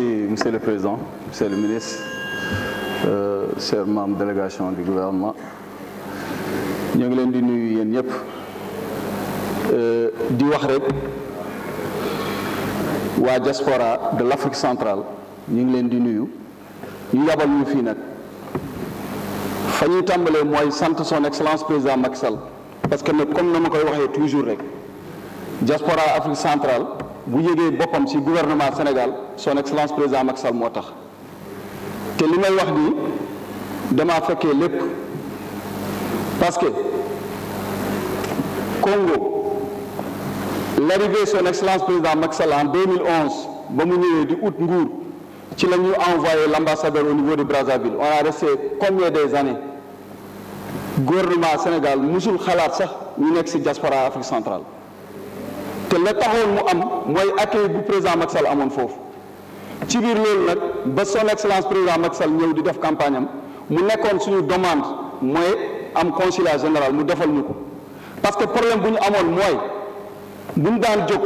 Monsieur le Président, Monsieur le Ministre, euh, délégation du gouvernement nous ngi dit, euh, diaspora de l'Afrique centrale Nous ngi leen di nuyu ñu yabal ñu son excellence président Macky parce que nous comme toujours Afrique centrale vous bu yëgee boppam le gouvernement Sénégal son excellence président Macky Sall moo tax te li may wax nii le fekkee parce que Congo l'arrivée de son excellence président Macky en 2011 ba mu du di août nguur ci envoyé l'ambassadeur au niveau de Brazzaville on a resté combien d'années années gouvernement Sénégal musul Khalat, sax ñu nekk ci diaspora Afrique centrale te la taxoon mu am mooy accueil bu président Macky Sall amoon foofu ci biir loolu nag ba son excellence président Macky Sall ñëw di def campagne am mu nekkoon suñu demande mooy am consulat général mu defal ñu ko parce que problème bu ñu amoon mooy bu ñu daan jóg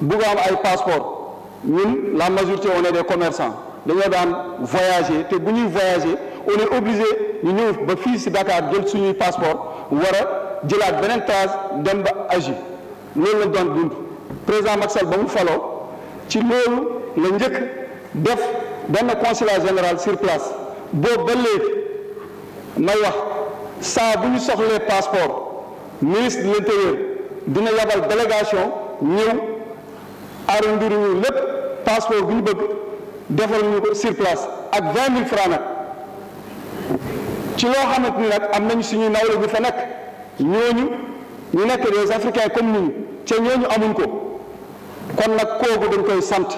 bugg am ay passeport ñun la majorité on est des commerçants dañoo daan voyager te bu ñuy voyager on est obligé ñu ñëw ba fii si Dakar jël suñuy passeport war a jëlaat beneen trace dem ba agi loolu lañ doon dund président Macky Sall ba mu faloo ci loolu la njëkk def benn consulat général sur place boobu ba léegi may wax saa bi ñu soxlee passeport ministre de l'intérieur dina yabal délégation ñëw arrondir ñu lépp passeport bu ñu bëgg defal ko sur ak vingt mille francs nag ci loo xamante ni nag am nañu suñu nawle bu fa nekk ñooñu ñu nekk des africains comme ca ñooñu amuñ ko kon nag kooku dañ koy sant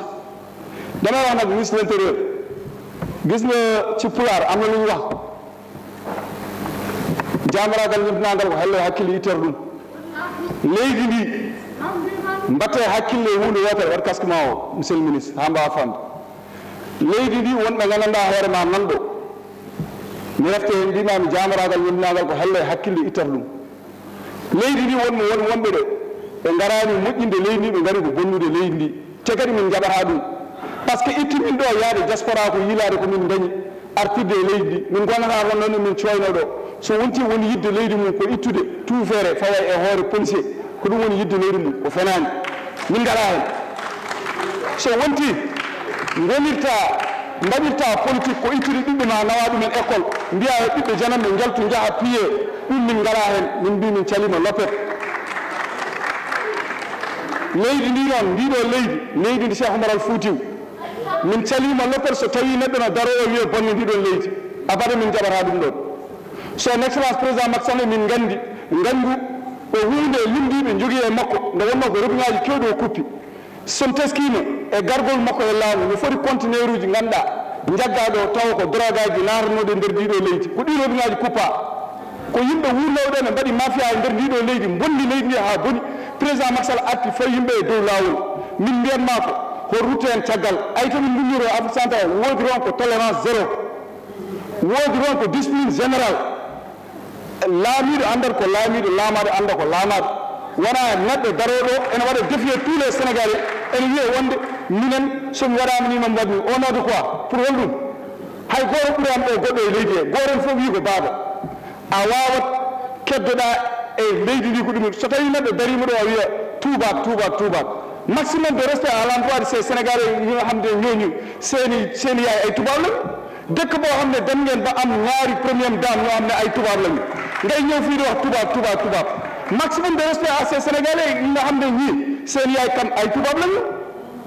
damay wax nag ministre de l'intérieur gis nga ci pulaar am na lu ñu wax jamaragal ñim nangal ko halle hakkille yitere léegi nii mbate hakkil hakkille hunde wotere war kaski maa woo monsieur le ministre léegi nii ha na famde leydi ndi wonɓe gandanɗa hoore ma nanɗo mi refte hen mbimami jamaragal ñimnagal ko halle hakkille ittata ɗum leydi ndi wonmo won bi de ɓe garani moƴƴinde leydi ndi ɓe gari ko bonnude leydi ndi te kadi min jaɓata ɗum par ce que itti min ɗo yaade diaspora ko yilade komin dañi artirde e leydi ndi min gonata kon noon min coyno ɗo so wonti woni yidde leydi mum ko ittude toufere fawa e hoore policier ko ɗum woni yidde leydi mum ko fenani min gara hen so wonti gonirta mbaɗirta politique ko ittude ɓiɓɓe ma nawa ɗumen école mbiya e ɓiɓɓe janan ɓe jaltu jaaha piye ɗum min gara hen min mbi min calima lopet leydi ndi noon ndiɗo leydi leydi ndi cheikh omaral fuutiw min calima lokkol so tawi neɗɗo no daro o wiye bonni ndiɗon leydi abada min jaɓata ɗum ɗon so n excellence président maxane min gandi ngandu o hunde e lumdiɓe jogui e makko nde wonno ko rubin ngaji kewɗi o e kuppi som teskima e gargol makko e laamu no foti contenaire uji ganduɗa jagga ɗo tawa ko droga ji natanoɗe e nder ndiɗo leydi ko ɗi rubin ngaji kuppa ko yimɓe wurnowɗo ne mbaɗi mafia e nder ndiɗo leydi bonndi leydi ndi ha boni président maxal arti fo yimɓe e dow laawol min mbiyanma ko ko rutte en caggal ay tomin lunniro afrique central woodi ron ko tolérance zéro woodi ron ko discipline général laamiiɗo andat ko laamiiɗo laamaaɗo annda ko laamaaɗo wona neɗɗo darooɗo ene waɗa défier tous les sénégalais ene wiya wonde minen somi waɗaama ni mami waɗmi on ode quoi pour holɗum hay gooto ɓuraama ɗo goɗɗo e leydi he gooton fof wii ko baaba a waawat keddoɗaa e eh, leydi ndi ko ɗumen so tawi neɗɗo darima ɗo o wiya tubak tubak tubak maximum de respect à l'endroit de ces sénégalais ñoo xam ne ñooñu seeni seeni yaay ay tubaab lañu dëkk boo xam ne dem ngeen ba am ñaari première dame ñoo xam ne ay tubaab lañu ngay ñëw fii di wax tubaab tubaab tubaab maximum de respect à ces sénégalais yi nga xam ne ñii seen kam ay tubaab lañu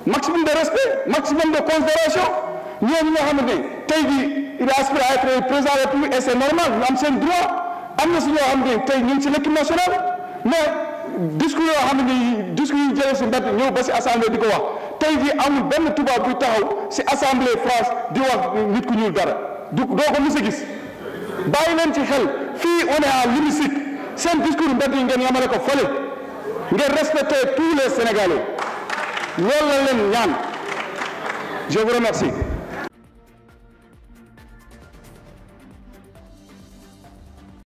maximum de respect maximum de considération ñooñu nga xam ne tey jii il aspire à être président de la République et am na si ñoo xam ne tey ñu ngi si l'équipe nationale mais discours yoo xam ne discours yu jëlee si mbedd ba si assemblée di ko wax tey jii amul benn tubaab buy taxaw si assemblée France di wax nit ku ñuul dara du doo ko mës a gis bàyyi leen ci xel fii on est à l'hémicycle seen discours mbedd yi ngeen yamale ko fële ngeen respecter tous les Sénégalais loolu la leen ñaan je vous